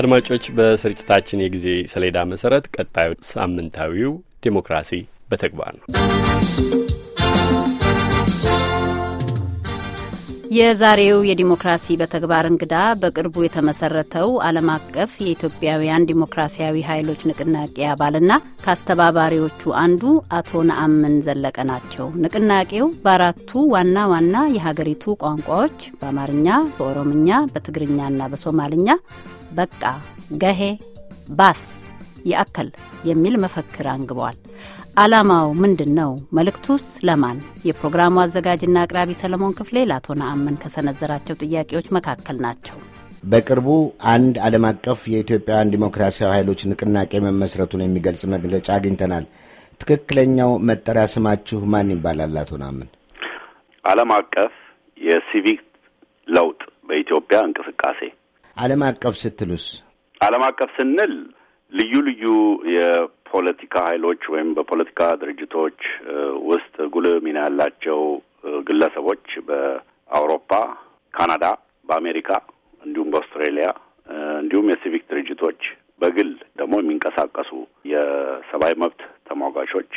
አድማጮች በስርጭታችን የጊዜ ሰሌዳ መሰረት ቀጣዩ ሳምንታዊው ዴሞክራሲ በተግባር ነው። የዛሬው የዲሞክራሲ በተግባር እንግዳ በቅርቡ የተመሰረተው ዓለም አቀፍ የኢትዮጵያውያን ዲሞክራሲያዊ ኃይሎች ንቅናቄ አባልና ከአስተባባሪዎቹ አንዱ አቶ ነአምን ዘለቀ ናቸው። ንቅናቄው በአራቱ ዋና ዋና የሀገሪቱ ቋንቋዎች በአማርኛ፣ በኦሮምኛ፣ በትግርኛና በሶማልኛ በቃ ገሄ ባስ ያአከል የሚል መፈክር አንግበዋል። ዓላማው ምንድን ነው? መልእክቱስ ለማን? የፕሮግራሙ አዘጋጅና አቅራቢ ሰለሞን ክፍሌ ለአቶ ነአምን ከሰነዘራቸው ጥያቄዎች መካከል ናቸው። በቅርቡ አንድ ዓለም አቀፍ የኢትዮጵያውያን ዲሞክራሲያዊ ኃይሎች ንቅናቄ መመስረቱን የሚገልጽ መግለጫ አግኝተናል። ትክክለኛው መጠሪያ ስማችሁ ማን ይባላል? አቶ ነአምን። ዓለም አቀፍ የሲቪክ ለውጥ በኢትዮጵያ እንቅስቃሴ። ዓለም አቀፍ ስትሉስ? ዓለም አቀፍ ስንል ልዩ ልዩ በፖለቲካ ኃይሎች ወይም በፖለቲካ ድርጅቶች ውስጥ ጉልህ ሚና ያላቸው ግለሰቦች በአውሮፓ፣ ካናዳ፣ በአሜሪካ እንዲሁም በአውስትራሊያ እንዲሁም የሲቪክ ድርጅቶች በግል ደግሞ የሚንቀሳቀሱ የሰብአዊ መብት ተሟጋቾች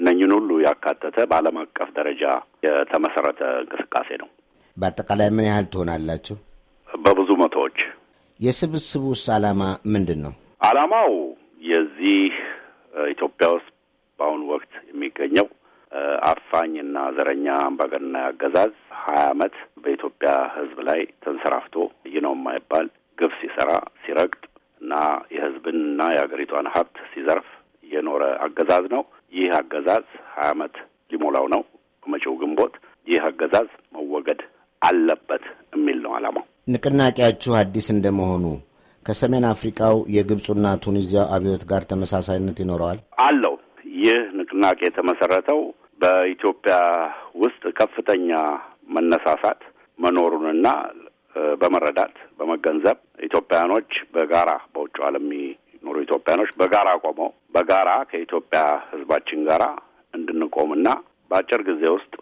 እነኝን ሁሉ ያካተተ በዓለም አቀፍ ደረጃ የተመሰረተ እንቅስቃሴ ነው። በአጠቃላይ ምን ያህል ትሆናላችሁ? በብዙ መቶዎች። የስብስቡስ ዓላማ ምንድን ነው? ዓላማው የዚህ ኢትዮጵያ ውስጥ በአሁኑ ወቅት የሚገኘው አፋኝና ዘረኛ አምባገነናዊ አገዛዝ ሀያ አመት በኢትዮጵያ ህዝብ ላይ ተንሰራፍቶ ይህ ነው የማይባል ግብ ሲሰራ ሲረግጥ እና የህዝብንና የሀገሪቷን ሀብት ሲዘርፍ የኖረ አገዛዝ ነው። ይህ አገዛዝ ሀያ አመት ሊሞላው ነው መጪው ግንቦት። ይህ አገዛዝ መወገድ አለበት የሚል ነው አላማው። ንቅናቄያችሁ አዲስ እንደመሆኑ ከሰሜን አፍሪካው የግብፁና ቱኒዚያ አብዮት ጋር ተመሳሳይነት ይኖረዋል አለው። ይህ ንቅናቄ የተመሰረተው በኢትዮጵያ ውስጥ ከፍተኛ መነሳሳት መኖሩንና በመረዳት በመገንዘብ ኢትዮጵያኖች በጋራ በውጭ ዓለም የሚኖሩ ኢትዮጵያኖች በጋራ ቆመው በጋራ ከኢትዮጵያ ሕዝባችን ጋራ እንድንቆምና በአጭር ጊዜ ውስጥ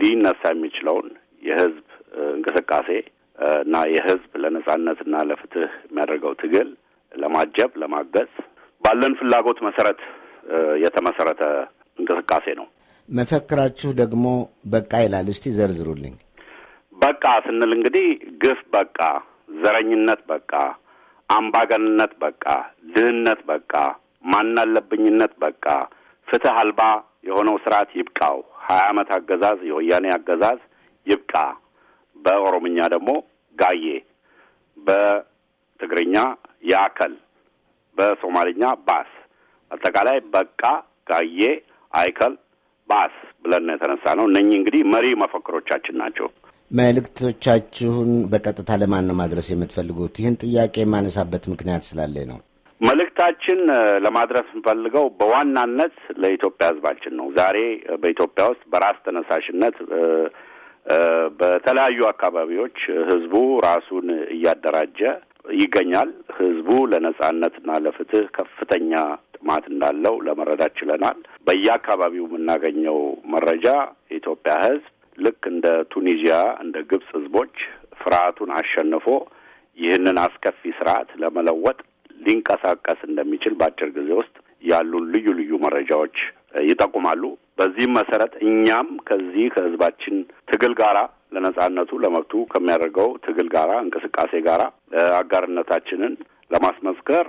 ሊነሳ የሚችለውን የሕዝብ እንቅስቃሴ እና የህዝብ ለነጻነትና ለፍትህ የሚያደርገው ትግል ለማጀብ ለማገዝ ባለን ፍላጎት መሰረት የተመሰረተ እንቅስቃሴ ነው። መፈክራችሁ ደግሞ በቃ ይላል። እስቲ ዘርዝሩልኝ። በቃ ስንል እንግዲህ ግፍ በቃ፣ ዘረኝነት በቃ፣ አምባገንነት በቃ፣ ድህነት በቃ፣ ማናለብኝነት በቃ፣ ፍትህ አልባ የሆነው ስርዓት ይብቃው፣ ሀያ ዓመት አገዛዝ፣ የወያኔ አገዛዝ ይብቃ በኦሮምኛ ደግሞ ጋዬ፣ በትግርኛ ያከል፣ በሶማልኛ ባስ። አጠቃላይ በቃ ጋዬ፣ አይከል፣ ባስ ብለን የተነሳ ነው። እነኚህ እንግዲህ መሪ መፈክሮቻችን ናቸው። መልእክቶቻችሁን በቀጥታ ለማን ነው ማድረስ የምትፈልጉት? ይህን ጥያቄ የማነሳበት ምክንያት ስላለ ነው። መልእክታችን ለማድረስ የምንፈልገው በዋናነት ለኢትዮጵያ ሕዝባችን ነው። ዛሬ በኢትዮጵያ ውስጥ በራስ ተነሳሽነት በተለያዩ አካባቢዎች ህዝቡ ራሱን እያደራጀ ይገኛል። ህዝቡ ለነጻነትና ለፍትህ ከፍተኛ ጥማት እንዳለው ለመረዳት ችለናል። በየአካባቢው የምናገኘው መረጃ የኢትዮጵያ ህዝብ ልክ እንደ ቱኒዚያ፣ እንደ ግብጽ ህዝቦች ፍርሃቱን አሸንፎ ይህንን አስከፊ ስርዓት ለመለወጥ ሊንቀሳቀስ እንደሚችል በአጭር ጊዜ ውስጥ ያሉን ልዩ ልዩ መረጃዎች ይጠቁማሉ። በዚህም መሰረት እኛም ከዚህ ከህዝባችን ትግል ጋራ ለነጻነቱ ለመብቱ ከሚያደርገው ትግል ጋራ እንቅስቃሴ ጋራ አጋርነታችንን ለማስመስከር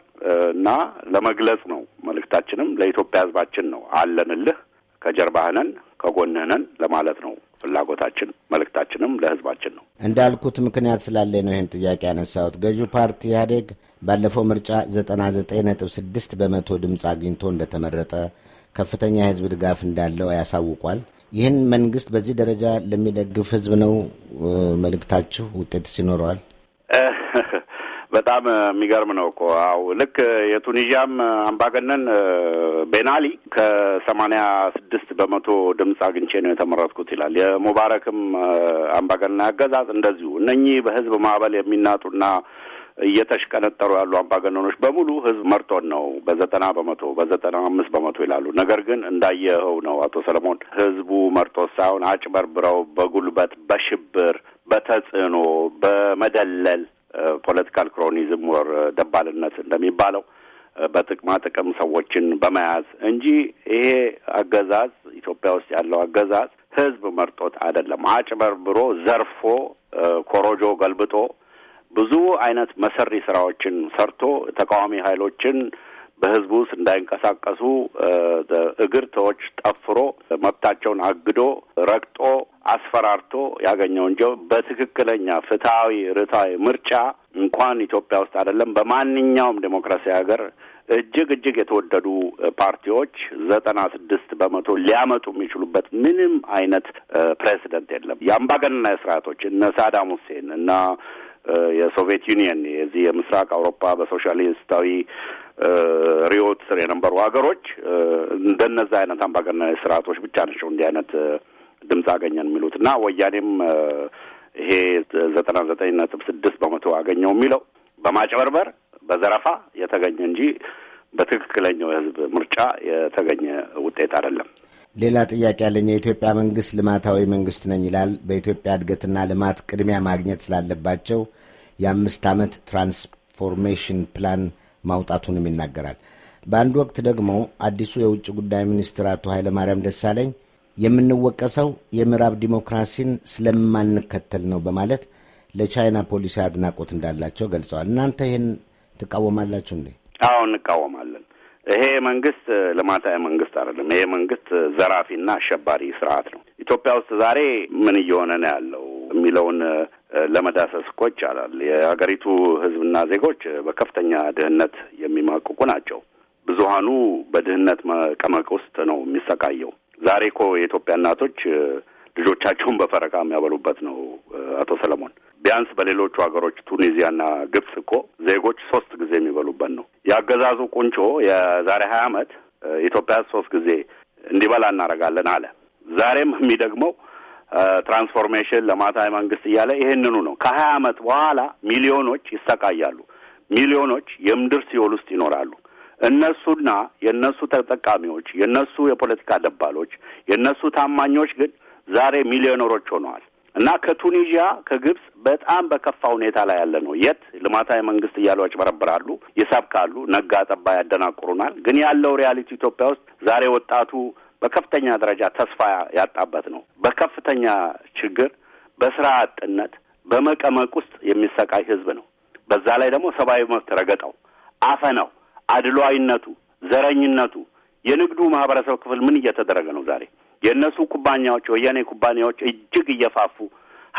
እና ለመግለጽ ነው። መልእክታችንም ለኢትዮጵያ ህዝባችን ነው። አለንልህ፣ ከጀርባህነን፣ ከጎንህነን ለማለት ነው ፍላጎታችን። መልእክታችንም ለህዝባችን ነው። እንዳልኩት ምክንያት ስላለኝ ነው ይህን ጥያቄ ያነሳሁት። ገዢው ፓርቲ ኢህአዴግ ባለፈው ምርጫ ዘጠና ዘጠኝ ነጥብ ስድስት በመቶ ድምፅ አግኝቶ እንደተመረጠ ከፍተኛ የህዝብ ድጋፍ እንዳለው ያሳውቋል። ይህን መንግስት በዚህ ደረጃ ለሚደግፍ ህዝብ ነው መልእክታችሁ፣ ውጤት ይኖረዋል? በጣም የሚገርም ነው እኮ አው ልክ የቱኒዥያም አምባገነን ቤናሊ ከሰማንያ ስድስት በመቶ ድምፅ አግኝቼ ነው የተመረጥኩት ይላል። የሙባረክም አምባገነን አገዛዝ እንደዚሁ እነኚህ በህዝብ ማዕበል የሚናጡና እየተሽቀነጠሩ ያሉ አምባገነኖች በሙሉ ህዝብ መርጦን ነው በዘጠና በመቶ በዘጠና አምስት በመቶ ይላሉ። ነገር ግን እንዳየኸው ነው አቶ ሰለሞን፣ ህዝቡ መርጦ ሳይሆን አጭበርብረው፣ በጉልበት፣ በሽብር፣ በተጽዕኖ፣ በመደለል ፖለቲካል ክሮኒዝም ወር ደባልነት እንደሚባለው በጥቅማ ጥቅም ሰዎችን በመያዝ እንጂ ይሄ አገዛዝ ኢትዮጵያ ውስጥ ያለው አገዛዝ ህዝብ መርጦት አይደለም። አጭበርብሮ ዘርፎ ኮሮጆ ገልብጦ ብዙ አይነት መሰሪ ስራዎችን ሰርቶ ተቃዋሚ ኃይሎችን በህዝቡ ውስጥ እንዳይንቀሳቀሱ እግር ተዎች ጠፍሮ መብታቸውን አግዶ ረግጦ አስፈራርቶ ያገኘው እንጂ በትክክለኛ ፍትሐዊ ርታዊ ምርጫ እንኳን ኢትዮጵያ ውስጥ አይደለም በማንኛውም ዴሞክራሲያዊ ሀገር እጅግ እጅግ የተወደዱ ፓርቲዎች ዘጠና ስድስት በመቶ ሊያመጡ የሚችሉበት ምንም አይነት ፕሬዚደንት የለም። የአምባገነናዊ ስርዓቶች እነ ሳዳም ሁሴን እና የሶቪየት ዩኒየን የዚህ የምስራቅ አውሮፓ በሶሻሊስታዊ ሪዮት ስር የነበሩ ሀገሮች እንደነዛ አይነት አምባገነን ስርዓቶች ብቻ ናቸው እንዲህ አይነት ድምፅ አገኘን የሚሉት እና ወያኔም ይሄ ዘጠና ዘጠኝ ነጥብ ስድስት በመቶ አገኘው የሚለው በማጭበርበር በዘረፋ የተገኘ እንጂ በትክክለኛው የህዝብ ምርጫ የተገኘ ውጤት አይደለም። ሌላ ጥያቄ ያለኝ የኢትዮጵያ መንግስት ልማታዊ መንግስት ነኝ ይላል። በኢትዮጵያ እድገትና ልማት ቅድሚያ ማግኘት ስላለባቸው የአምስት ዓመት ትራንስፎርሜሽን ፕላን ማውጣቱንም ይናገራል። በአንድ ወቅት ደግሞ አዲሱ የውጭ ጉዳይ ሚኒስትር አቶ ኃይለማርያም ደሳለኝ የምንወቀሰው የምዕራብ ዲሞክራሲን ስለማንከተል ነው በማለት ለቻይና ፖሊሲ አድናቆት እንዳላቸው ገልጸዋል። እናንተ ይህን ትቃወማላችሁ እንዴ? አዎ እንቃወማል ይሄ መንግስት ልማታዊ መንግስት አይደለም። ይሄ መንግስት ዘራፊና አሸባሪ ስርዓት ነው። ኢትዮጵያ ውስጥ ዛሬ ምን እየሆነ ነው ያለው የሚለውን ለመዳሰስ እኮ ይቻላል። የሀገሪቱ ህዝብና ዜጎች በከፍተኛ ድህነት የሚማቅቁ ናቸው። ብዙሀኑ በድህነት መቀመቅ ውስጥ ነው የሚሰቃየው። ዛሬ እኮ የኢትዮጵያ እናቶች ልጆቻቸውን በፈረቃ የሚያበሉበት ነው። አቶ ሰለሞን ቢያንስ በሌሎቹ ሀገሮች ቱኒዚያና ግብጽ እኮ ዜጎች ሶስት ጊዜ የሚበሉበት ነው። የአገዛዙ ቁንጮ የዛሬ ሀያ ዓመት ኢትዮጵያ ሶስት ጊዜ እንዲበላ እናደርጋለን አለ። ዛሬም የሚደግመው ትራንስፎርሜሽን ለማታ መንግስት እያለ ይህንኑ ነው። ከሀያ ዓመት በኋላ ሚሊዮኖች ይሰቃያሉ። ሚሊዮኖች የምድር ሲኦል ውስጥ ይኖራሉ። እነሱና የእነሱ ተጠቃሚዎች፣ የእነሱ የፖለቲካ ደባሎች፣ የእነሱ ታማኞች ግን ዛሬ ሚሊዮነሮች ሆነዋል። እና ከቱኒዥያ ከግብጽ በጣም በከፋ ሁኔታ ላይ ያለ ነው። የት ልማታዊ መንግስት እያሉ ያጭበረብራሉ፣ ይሰብካሉ፣ ነጋ ጠባ ያደናቁሩናል። ግን ያለው ሪያሊቲ ኢትዮጵያ ውስጥ ዛሬ ወጣቱ በከፍተኛ ደረጃ ተስፋ ያጣበት ነው። በከፍተኛ ችግር፣ በስራ አጥነት፣ በመቀመቅ ውስጥ የሚሰቃይ ህዝብ ነው። በዛ ላይ ደግሞ ሰብአዊ መብት ረገጠው አፈናው፣ አድሏዊነቱ፣ ዘረኝነቱ የንግዱ ማህበረሰብ ክፍል ምን እየተደረገ ነው ዛሬ የእነሱ ኩባንያዎች የወያኔ ኩባንያዎች እጅግ እየፋፉ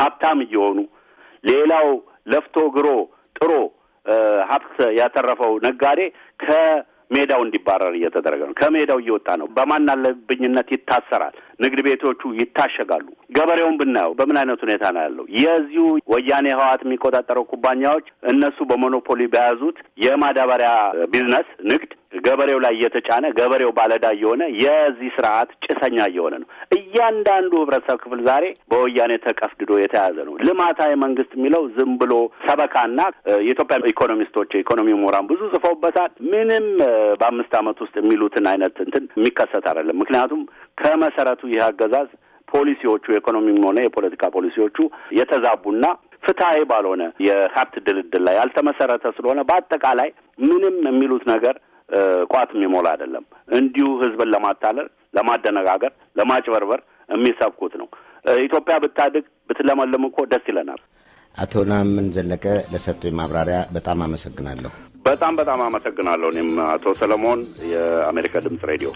ሀብታም እየሆኑ ሌላው ለፍቶ ግሮ ጥሮ ሀብት ያተረፈው ነጋዴ ከሜዳው እንዲባረር እየተደረገ ነው። ከሜዳው እየወጣ ነው። በማናለብኝነት ይታሰራል። ንግድ ቤቶቹ ይታሸጋሉ። ገበሬውን ብናየው በምን አይነት ሁኔታ ነው ያለው? የዚሁ ወያኔ ህወሓት የሚቆጣጠረው ኩባንያዎች እነሱ በሞኖፖሊ በያዙት የማዳበሪያ ቢዝነስ ንግድ ገበሬው ላይ እየተጫነ ገበሬው ባለዳ እየሆነ የዚህ ስርዓት ጭሰኛ እየሆነ ነው። እያንዳንዱ ህብረተሰብ ክፍል ዛሬ በወያኔ ተቀፍድዶ የተያዘ ነው። ልማታዊ መንግስት የሚለው ዝም ብሎ ሰበካና የኢትዮጵያ ኢኮኖሚስቶች የኢኮኖሚ ምሁራን ብዙ ጽፈውበታል። ምንም በአምስት ዓመት ውስጥ የሚሉትን አይነት እንትን የሚከሰት አይደለም። ምክንያቱም ከመሰረቱ ይህ አገዛዝ ፖሊሲዎቹ የኢኮኖሚም ሆነ የፖለቲካ ፖሊሲዎቹ የተዛቡና ፍትሀዊ ባልሆነ የሀብት ድልድል ላይ ያልተመሰረተ ስለሆነ በአጠቃላይ ምንም የሚሉት ነገር ቋት የሚሞላ አይደለም። እንዲሁ ህዝብን ለማታለል፣ ለማደነጋገር፣ ለማጭበርበር የሚሰብኩት ነው። ኢትዮጵያ ብታድግ ብትለመልም እኮ ደስ ይለናል። አቶ ናምን ዘለቀ ለሰጡኝ ማብራሪያ በጣም አመሰግናለሁ። በጣም በጣም አመሰግናለሁ። እኔም አቶ ሰለሞን የአሜሪካ ድምፅ ሬዲዮ